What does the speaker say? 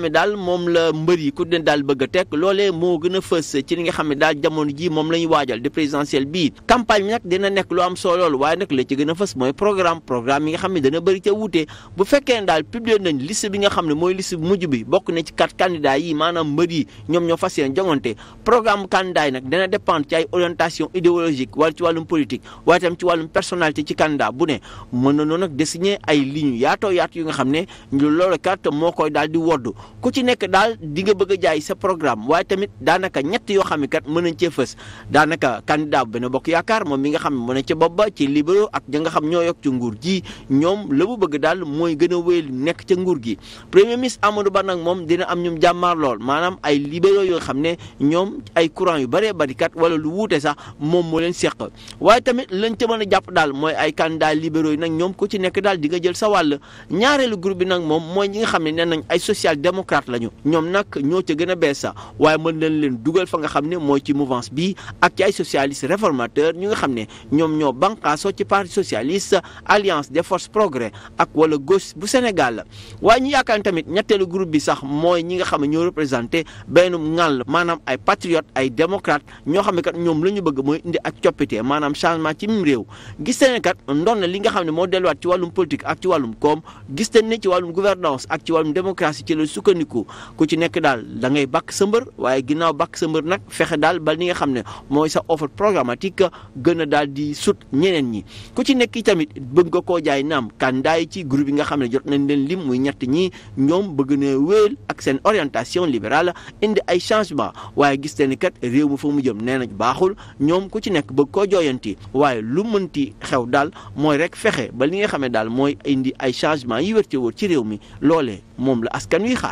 xam ne daal moom la mbër ku ne daal bëgg a teg loolee moo gën a fës ci li nga xam ne daal jamono ji moom la ñu waajal di présidentielle bii campagne bi nag dina nekk lu am solo lool waaye nag la gën a fës mooy programme programme yi nga xam ne dana bëri ca wuute bu fekkee ne daal publier nañ liste bi nga xam ne mooy liste mujj bi bokk na ci quatre candidats yi maanaam mbër yi ñoom ñoo fas yéene programme candidat yi nag dana na noonu nag désigner ay lignes ku ci nekk daal di nga bëgg a jaay sa programme waaye tamit daanaka ñett yoo xam kat mën nañ cee fës daanaka candidat bu benn bokk yaakaar moom mi nga xam ne mën na ca bopp ba ci libéraux ak ñi nga xam ñoo yokk ci nguur gi ñoom la mu bëgg daal mooy gën a wéy nekk ca nguur gi premier ministre Amadou Ba nag moom dina am ñoom jàmmaar lool maanaam ay libéraux yoo xam ne ñoom ay courant yu bëree bëri kat wala lu wuute sax moom moo leen seq waaye tamit lañ ca mën a jàpp daal mooy ay candidat libéraux yi nag ñoom ku ci nekk daal di nga jël sa wàll ñaareelu groupe bi nag moom mooy ñi nga xam ne nee nañ ay social démocrate démocrate ñoom nag ñoo ca gën a bees sax waaye mën nañ leen dugal fa xam ne mooy ci mouvance bi ak ci ay socialiste réformateur ñi nga xam ne ñoom ñoo banqaasoo ci parti socialiste alliance des forces progrès ak wala gauche bu Sénégal waaye ñu yaakaar tamit ñetteelu groupe bi sax mooy ñi nga xam ne ñoo représenté benn ŋàll maanaam ay patriote ay démocrate ñoo xam ne kat ñoom la ñu bëgg mooy indi ak coppite maanaam changement ci mim réew gis nañ kat ndoon li nga xam ne moo delluwaat ci wàllum politique ak ci wàllum koom gis nañ sukkandiku ku ci nekk daal da ngay bakk sa mbër waaye ginnaaw bakk sa mbër nag fexe daal ba li nga xam ne mooy sa offre programmatique gën a daal di sut ñeneen ñi ku ci nekk tamit bëgg nga koo jaay naam kandaay ci groupe yi nga xam ne jot nañ leen lim muy ñett ñi ñoom bëgg na wéel ak seen orientation libérale indi ay changement waaye gis nañ kat réew mu fa mu jëm nee nañ baaxul ñoom ku ci nekk bëgg koo jooyanti waaye lu mënti xew daal mooy rek fexe ba li nga xam daal mooy indi ay changement yi wër ci wër ci réew mi loolee moom la askan wi xaar